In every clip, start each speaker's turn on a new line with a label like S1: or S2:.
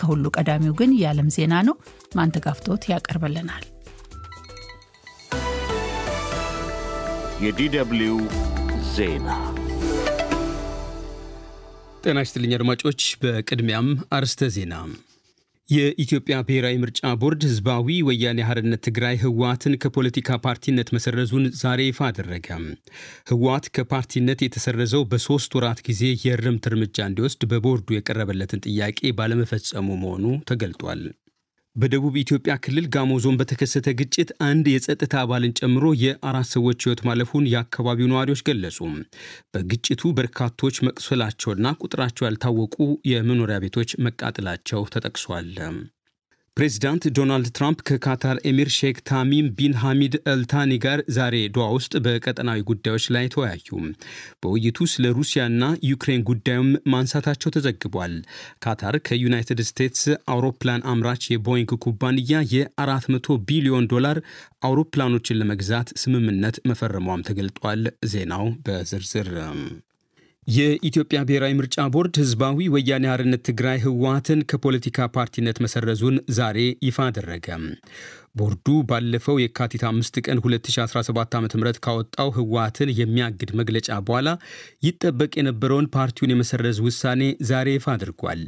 S1: ከሁሉ ቀዳሚው ግን የዓለም ዜና ነው። ማንተጋፍቶት ያቀርብልናል። የዲደብልዩ ዜና ጤና ይስጥልኝ አድማጮች። በቅድሚያም አርስተ ዜና የኢትዮጵያ ብሔራዊ ምርጫ ቦርድ ህዝባዊ ወያኔ ሓርነት ትግራይ ህወሓትን ከፖለቲካ ፓርቲነት መሰረዙን ዛሬ ይፋ አደረገ። ህወሓት ከፓርቲነት የተሰረዘው በሶስት ወራት ጊዜ የእርምት እርምጃ እንዲወስድ በቦርዱ የቀረበለትን ጥያቄ ባለመፈጸሙ መሆኑ ተገልጧል። በደቡብ ኢትዮጵያ ክልል ጋሞ ዞን በተከሰተ ግጭት አንድ የጸጥታ አባልን ጨምሮ የአራት ሰዎች ሕይወት ማለፉን የአካባቢው ነዋሪዎች ገለጹ። በግጭቱ በርካቶች መቁሰላቸውና ቁጥራቸው ያልታወቁ የመኖሪያ ቤቶች መቃጠላቸው ተጠቅሷል። ፕሬዚዳንት ዶናልድ ትራምፕ ከካታር ኤሚር ሼክ ታሚም ቢን ሐሚድ አልታኒ ጋር ዛሬ ድዋ ውስጥ በቀጠናዊ ጉዳዮች ላይ ተወያዩ። በውይይቱ ስለ ሩሲያና ዩክሬን ጉዳዩም ማንሳታቸው ተዘግቧል። ካታር ከዩናይትድ ስቴትስ አውሮፕላን አምራች የቦይንግ ኩባንያ የ400 ቢሊዮን ዶላር አውሮፕላኖችን ለመግዛት ስምምነት መፈረሟም ተገልጧል። ዜናው በዝርዝር የኢትዮጵያ ብሔራዊ ምርጫ ቦርድ ህዝባዊ ወያኔ ሓርነት ትግራይ ህወሓትን ከፖለቲካ ፓርቲነት መሰረዙን ዛሬ ይፋ አደረገ። ቦርዱ ባለፈው የካቲት አምስት ቀን 2017 ዓ ም ካወጣው ህወሓትን የሚያግድ መግለጫ በኋላ ይጠበቅ የነበረውን ፓርቲውን የመሰረዝ ውሳኔ ዛሬ ይፋ አድርጓል።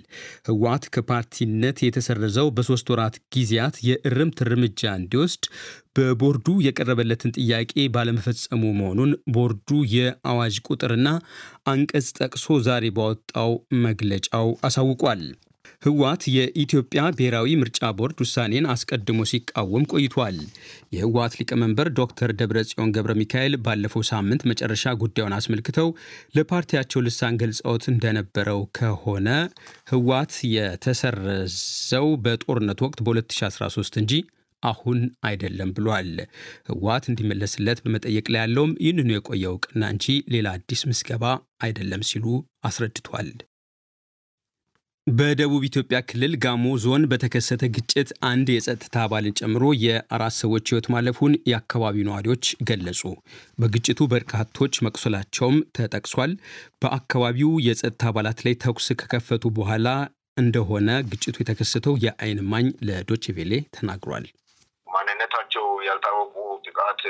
S1: ህወሓት ከፓርቲነት የተሰረዘው በሶስት ወራት ጊዜያት የእርምት እርምጃ እንዲወስድ በቦርዱ የቀረበለትን ጥያቄ ባለመፈጸሙ መሆኑን ቦርዱ የአዋጅ ቁጥርና አንቀጽ ጠቅሶ ዛሬ ባወጣው መግለጫው አሳውቋል። ህዋት የኢትዮጵያ ብሔራዊ ምርጫ ቦርድ ውሳኔን አስቀድሞ ሲቃወም ቆይቷል። የህዋት ሊቀመንበር ዶክተር ደብረጽዮን ገብረ ሚካኤል ባለፈው ሳምንት መጨረሻ ጉዳዩን አስመልክተው ለፓርቲያቸው ልሳን ገልጸውት እንደነበረው ከሆነ ህዋት የተሰረዘው በጦርነት ወቅት በ2013 እንጂ አሁን አይደለም ብሏል። ህወሓት እንዲመለስለት በመጠየቅ ላይ ያለውም ይህንኑ የቆየ እውቅና እንጂ ሌላ አዲስ ምስገባ አይደለም ሲሉ አስረድቷል። በደቡብ ኢትዮጵያ ክልል ጋሞ ዞን በተከሰተ ግጭት አንድ የጸጥታ አባልን ጨምሮ የአራት ሰዎች ሕይወት ማለፉን የአካባቢው ነዋሪዎች ገለጹ። በግጭቱ በርካቶች መቁሰላቸውም ተጠቅሷል። በአካባቢው የጸጥታ አባላት ላይ ተኩስ ከከፈቱ በኋላ እንደሆነ ግጭቱ የተከሰተው የአይን እማኝ ለዶቼ ቬሌ ተናግሯል። ማንነታቸው ያልታወቁ ጥቃት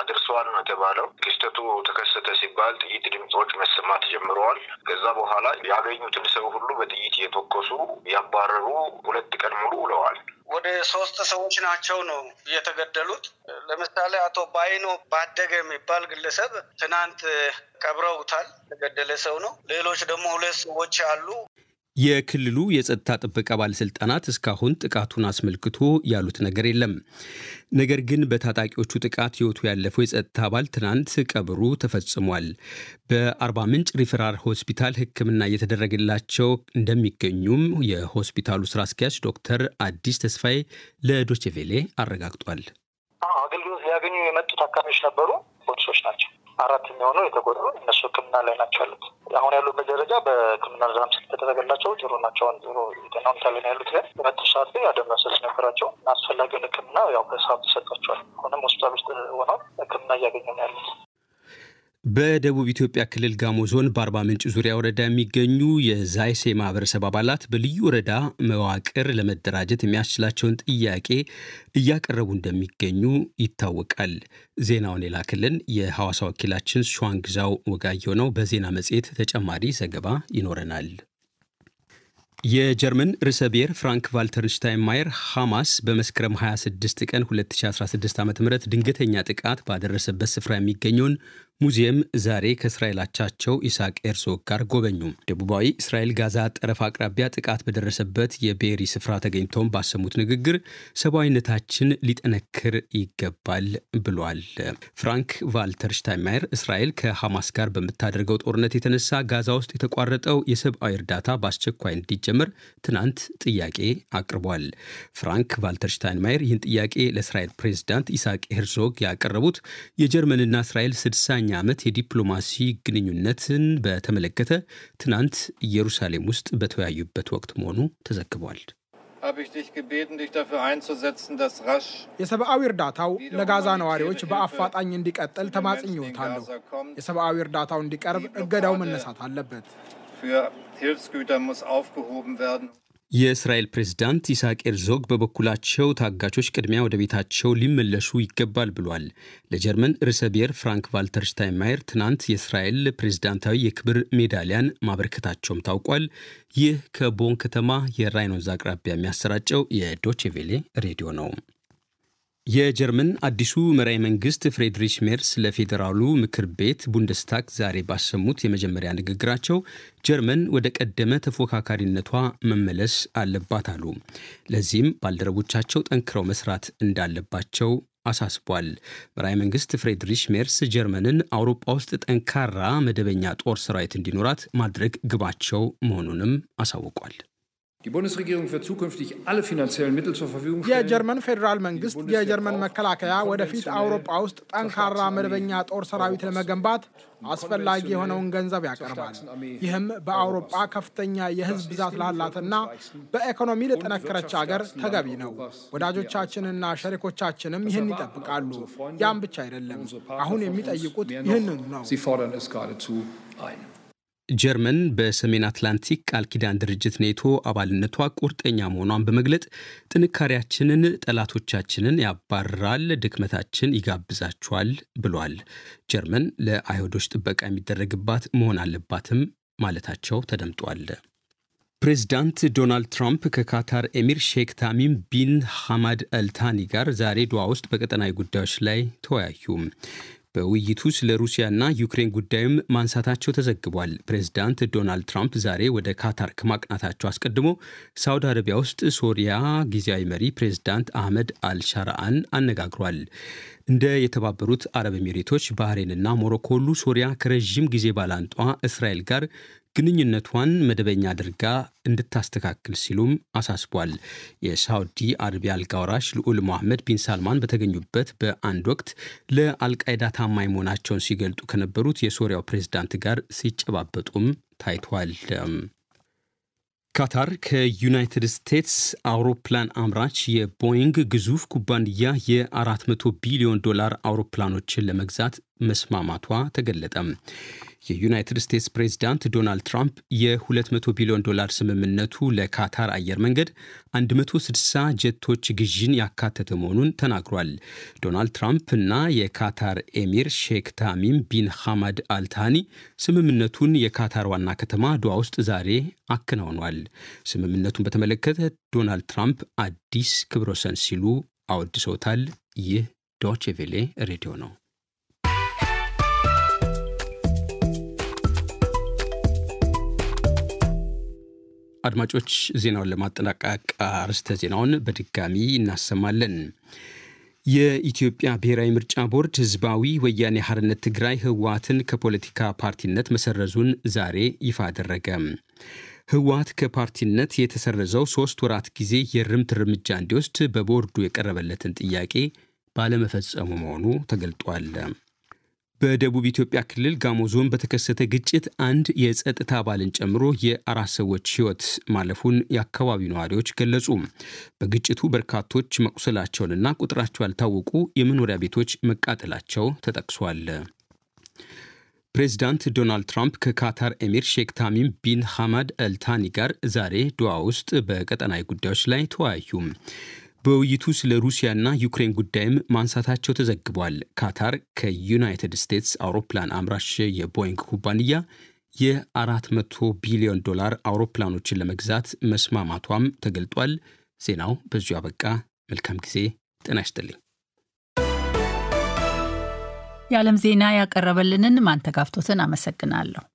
S1: አድርሰዋል ነው የተባለው። ክስተቱ ተከሰተ ሲባል ጥይት ድምፆች መሰማት ጀምረዋል። ከዛ በኋላ ያገኙትን ሰው ሁሉ በጥይት እየተኮሱ ያባረሩ ሁለት ቀን ሙሉ ውለዋል። ወደ ሶስት ሰዎች ናቸው ነው የተገደሉት። ለምሳሌ አቶ ባይኖ ባደገ የሚባል ግለሰብ ትናንት ቀብረውታል። የተገደለ ሰው ነው። ሌሎች ደግሞ ሁለት ሰዎች አሉ። የክልሉ የጸጥታ ጥበቃ ባለስልጣናት እስካሁን ጥቃቱን አስመልክቶ ያሉት ነገር የለም። ነገር ግን በታጣቂዎቹ ጥቃት ሕይወቱ ያለፈው የጸጥታ አባል ትናንት ቀብሩ ተፈጽሟል። በአርባ ምንጭ ሪፈራል ሆስፒታል ሕክምና እየተደረገላቸው እንደሚገኙም የሆስፒታሉ ስራ አስኪያጅ ዶክተር አዲስ ተስፋዬ ለዶቼቬሌ አረጋግጧል። አገልግሎት ሊያገኙ የመጡት አካባቢዎች ነበሩ። ፖሊሶች ናቸው አራት የሚሆነው የተጎዱ እነሱ ሕክምና ላይ ናቸው ያሉት። አሁን ያሉበት ደረጃ በሕክምና ዛም ስለተደረገላቸው ጥሩ ናቸው። ጥሩ ጤና ሁኔታ ላይ ያሉት። ግን በመጡ ሰዓት ላይ የደም መፍሰስ ነበራቸው እና አስፈላጊውን ህክምና ያው በሰዓቱ ተሰጧቸዋል። አሁንም ሆስፒታል ውስጥ ሆነው ህክምና እያገኘ ነው ያሉት። በደቡብ ኢትዮጵያ ክልል ጋሞ ዞን በአርባ ምንጭ ዙሪያ ወረዳ የሚገኙ የዛይሴ ማህበረሰብ አባላት በልዩ ወረዳ መዋቅር ለመደራጀት የሚያስችላቸውን ጥያቄ እያቀረቡ እንደሚገኙ ይታወቃል። ዜናውን የላክልን የሐዋሳ ወኪላችን ሸዋንግዛው ወጋየው ነው። በዜና መጽሔት ተጨማሪ ዘገባ ይኖረናል። የጀርመን ርዕሰ ብሔር ፍራንክ ቫልተር ሽታይንማየር ሐማስ በመስከረም 26 ቀን 2016 ዓ ም ድንገተኛ ጥቃት ባደረሰበት ስፍራ የሚገኘውን ሙዚየም ዛሬ ከእስራኤል አቻቸው ኢስሐቅ ጋር ጎበኙ። ደቡባዊ እስራኤል ጋዛ ጠረፍ አቅራቢያ ጥቃት በደረሰበት የቤሪ ስፍራ ተገኝተውም ባሰሙት ንግግር ሰብአዊነታችን ሊጠነክር ይገባል ብሏል። ፍራንክ ቫልተር ሽታይንማየር እስራኤል ከሐማስ ጋር በምታደርገው ጦርነት የተነሳ ጋዛ ውስጥ የተቋረጠው የሰብአዊ እርዳታ በአስቸኳይ እንዲጀመር ትናንት ጥያቄ አቅርቧል። ፍራንክ ቫልተር ሽታይንማየር ይህን ጥያቄ ለእስራኤል ፕሬዝዳንት ኢስሐቅ ሄርዞግ ያቀረቡት የጀርመንና እስራኤል ስድሳኛ ዓመት የዲፕሎማሲ ግንኙነትን በተመለከተ ትናንት ኢየሩሳሌም ውስጥ በተወያዩበት ወቅት መሆኑ ተዘግቧል። የሰብአዊ እርዳታው ለጋዛ ነዋሪዎች በአፋጣኝ እንዲቀጥል ተማጽኝዎታለሁ። የሰብአዊ እርዳታው እንዲቀርብ እገዳው መነሳት አለበት። የእስራኤል ፕሬዝዳንት ኢስሐቅ ኤርዞግ በበኩላቸው ታጋቾች ቅድሚያ ወደ ቤታቸው ሊመለሱ ይገባል ብሏል። ለጀርመን ርዕሰ ብሔር ፍራንክ ቫልተር ሽታይንማየር ትናንት የእስራኤል ፕሬዝዳንታዊ የክብር ሜዳሊያን ማበረከታቸውም ታውቋል። ይህ ከቦን ከተማ የራይኖዝ አቅራቢያ የሚያሰራጨው የዶቼቬሌ ሬዲዮ ነው። የጀርመን አዲሱ መራይ መንግስት ፍሬድሪሽ ሜርስ ለፌዴራሉ ምክር ቤት ቡንደስታግ ዛሬ ባሰሙት የመጀመሪያ ንግግራቸው ጀርመን ወደ ቀደመ ተፎካካሪነቷ መመለስ አለባት አሉ። ለዚህም ባልደረቦቻቸው ጠንክረው መስራት እንዳለባቸው አሳስቧል። መራይ መንግስት ፍሬድሪሽ ሜርስ ጀርመንን አውሮፓ ውስጥ ጠንካራ መደበኛ ጦር ሰራዊት እንዲኖራት ማድረግ ግባቸው መሆኑንም አሳውቋል። የጀርመን ፌዴራል መንግስት የጀርመን መከላከያ ወደፊት አውሮፓ ውስጥ ጠንካራ መደበኛ ጦር ሰራዊት ለመገንባት አስፈላጊ የሆነውን ገንዘብ ያቀርባል። ይህም በአውሮፓ ከፍተኛ የህዝብ ብዛት ላላትና በኢኮኖሚ ለጠነከረች ሀገር ተገቢ ነው። ወዳጆቻችንና ሸሪኮቻችንም ይህን ይጠብቃሉ። ያም ብቻ አይደለም፣ አሁን የሚጠይቁት ይህንኑ ነው። ጀርመን በሰሜን አትላንቲክ ቃል ኪዳን ድርጅት ኔቶ አባልነቷ ቁርጠኛ መሆኗን በመግለጥ ጥንካሬያችንን ጠላቶቻችንን ያባርራል፣ ድክመታችን ይጋብዛቸዋል ብሏል። ጀርመን ለአይሁዶች ጥበቃ የሚደረግባት መሆን አለባትም ማለታቸው ተደምጧል። ፕሬዚዳንት ዶናልድ ትራምፕ ከካታር ኤሚር ሼክ ታሚም ቢን ሐማድ አልታኒ ጋር ዛሬ ድዋ ውስጥ በቀጠናዊ ጉዳዮች ላይ ተወያዩ። በውይይቱ ስለ ሩሲያና ዩክሬን ጉዳይም ማንሳታቸው ተዘግቧል። ፕሬዚዳንት ዶናልድ ትራምፕ ዛሬ ወደ ካታር ከማቅናታቸው አስቀድሞ ሳውዲ አረቢያ ውስጥ ሶሪያ ጊዜያዊ መሪ ፕሬዚዳንት አህመድ አልሻራአን አነጋግሯል። እንደ የተባበሩት አረብ ኤሚሬቶች፣ ባህሬንና ሞሮኮ ሁሉ ሶሪያ ከረዥም ጊዜ ባላንጧ እስራኤል ጋር ግንኙነቷን መደበኛ አድርጋ እንድታስተካክል ሲሉም አሳስቧል። የሳውዲ አረቢያ አልጋ ወራሽ ልዑል ሞሐመድ ቢን ሳልማን በተገኙበት በአንድ ወቅት ለአልቃይዳ ታማኝ መሆናቸውን ሲገልጡ ከነበሩት የሶሪያው ፕሬዝዳንት ጋር ሲጨባበጡም ታይቷል። ካታር ከዩናይትድ ስቴትስ አውሮፕላን አምራች የቦይንግ ግዙፍ ኩባንያ የ400 ቢሊዮን ዶላር አውሮፕላኖችን ለመግዛት መስማማቷ ተገለጠ። የዩናይትድ ስቴትስ ፕሬዚዳንት ዶናልድ ትራምፕ የ200 ቢሊዮን ዶላር ስምምነቱ ለካታር አየር መንገድ 160 ጀቶች ግዥን ያካተተ መሆኑን ተናግሯል። ዶናልድ ትራምፕ እና የካታር ኤሚር ሼክ ታሚም ቢን ሐማድ አልታኒ ስምምነቱን የካታር ዋና ከተማ ድዋ ውስጥ ዛሬ አከናውኗል። ስምምነቱን በተመለከተ ዶናልድ ትራምፕ አዲስ ክብረ ወሰን ሲሉ አወድሰውታል። ይህ ዶቼ ቬሌ ሬዲዮ ነው። አድማጮች ዜናውን ለማጠናቀቅ አርዕስተ ዜናውን በድጋሚ እናሰማለን። የኢትዮጵያ ብሔራዊ ምርጫ ቦርድ ህዝባዊ ወያኔ ሀርነት ትግራይ ህወሓትን ከፖለቲካ ፓርቲነት መሰረዙን ዛሬ ይፋ አደረገ። ህወሓት ከፓርቲነት የተሰረዘው ሶስት ወራት ጊዜ የርምት እርምጃ እንዲወስድ በቦርዱ የቀረበለትን ጥያቄ ባለመፈጸሙ መሆኑ ተገልጧል። በደቡብ ኢትዮጵያ ክልል ጋሞ ዞን በተከሰተ ግጭት አንድ የጸጥታ አባልን ጨምሮ የአራት ሰዎች ሕይወት ማለፉን የአካባቢው ነዋሪዎች ገለጹ። በግጭቱ በርካቶች መቁሰላቸውንና ቁጥራቸው ያልታወቁ የመኖሪያ ቤቶች መቃጠላቸው ተጠቅሷል። ፕሬዚዳንት ዶናልድ ትራምፕ ከካታር ኤሚር ሼክ ታሚም ቢን ሐማድ አልታኒ ጋር ዛሬ ድዋ ውስጥ በቀጠናዊ ጉዳዮች ላይ ተወያዩ። በውይይቱ ስለ ሩሲያና ዩክሬን ጉዳይም ማንሳታቸው ተዘግቧል። ካታር ከዩናይትድ ስቴትስ አውሮፕላን አምራች የቦይንግ ኩባንያ የ400 ቢሊዮን ዶላር አውሮፕላኖችን ለመግዛት መስማማቷም ተገልጧል። ዜናው በዚሁ አበቃ። መልካም ጊዜ። ጤና ይስጥልኝ። የዓለም ዜና ያቀረበልንን ማንተጋፍቶትን አመሰግናለሁ።